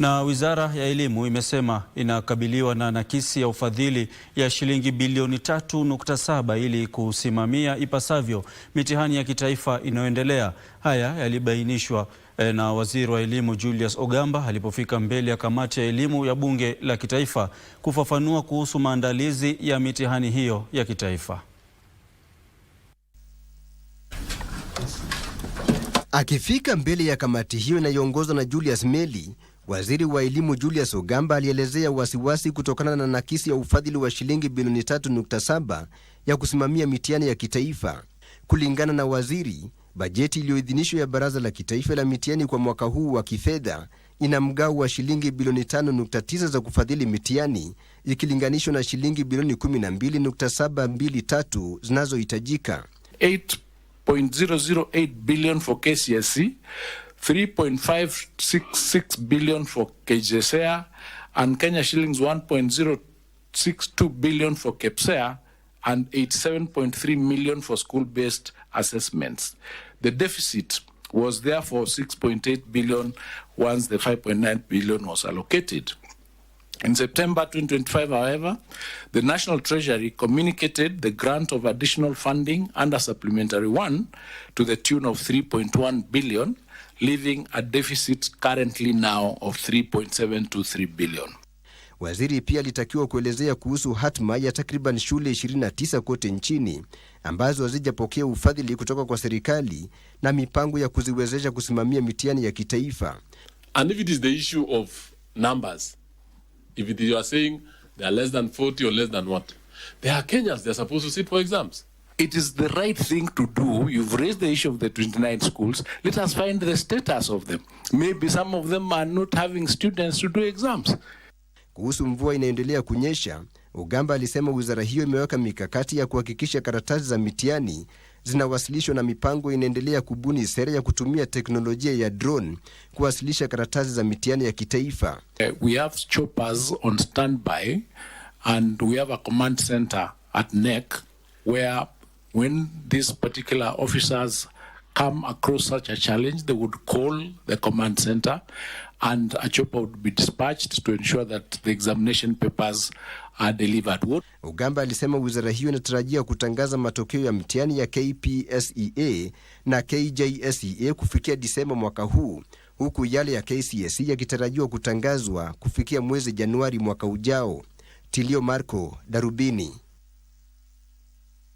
Na Wizara ya Elimu imesema inakabiliwa na nakisi ya ufadhili ya shilingi bilioni 3.7 ili kusimamia ipasavyo mitihani ya kitaifa inayoendelea. Haya yalibainishwa eh, na Waziri wa Elimu Julius Ogamba alipofika mbele ya kamati ya elimu ya Bunge la Kitaifa kufafanua kuhusu maandalizi ya mitihani hiyo ya kitaifa. Akifika mbele ya kamati hiyo inayoongozwa na Julius Meli, Waziri wa elimu Julius Ogamba alielezea wasiwasi kutokana na nakisi ya ufadhili wa shilingi bilioni 3.7 ya kusimamia mitihani ya kitaifa. Kulingana na waziri, bajeti iliyoidhinishwa ya Baraza la Kitaifa la Mitihani kwa mwaka huu wa kifedha ina mgao wa shilingi bilioni 5.9 za kufadhili mitihani ikilinganishwa na shilingi bilioni 12.723 zinazohitajika. 8.008 billion for KCSE 3.566 billion for KJSEA and Kenya shillings 1.062 billion for KEPSEA and 87.3 million for school-based assessments. The deficit was therefore 6.8 billion once the 5.9 billion was allocated. In September 2025, however, the National Treasury communicated the grant of additional funding under Supplementary 1 to the tune of 3.1 billion, leaving a deficit currently now of 3.723 billion. Waziri pia alitakiwa kuelezea kuhusu hatma ya takriban shule 29 kote nchini ambazo hazijapokea ufadhili kutoka kwa serikali na mipango ya kuziwezesha kusimamia mitihani ya kitaifa. And if it is the issue of numbers, If it, you are saying they are less than 40 or less than what? They are Kenyans. They are supposed to sit for exams. It is the right thing to do. You've raised the issue of the 29 schools. Let us find the status of them. Maybe some of them are not having students to do exams. Kuhusu mvua inayoendelea kunyesha, Ugamba alisema wizara hiyo imeweka mikakati ya kuhakikisha karatasi za mitihani zinawasilishwa na mipango inaendelea kubuni sera ya kutumia teknolojia ya drone kuwasilisha karatasi za mitihani ya kitaifa. Uh, we have choppers on standby and we have a command center at NEC where when these particular officers come across such a challenge, they would call the command center and a chopper would be dispatched to ensure that the examination papers are delivered. What... Ugamba alisema wizara hiyo inatarajia kutangaza matokeo ya mtihani ya KPSEA na KJSEA kufikia Disemba mwaka huu huku yale ya KCSE yakitarajiwa kutangazwa kufikia mwezi Januari mwaka ujao. Tilio Marco, Darubini.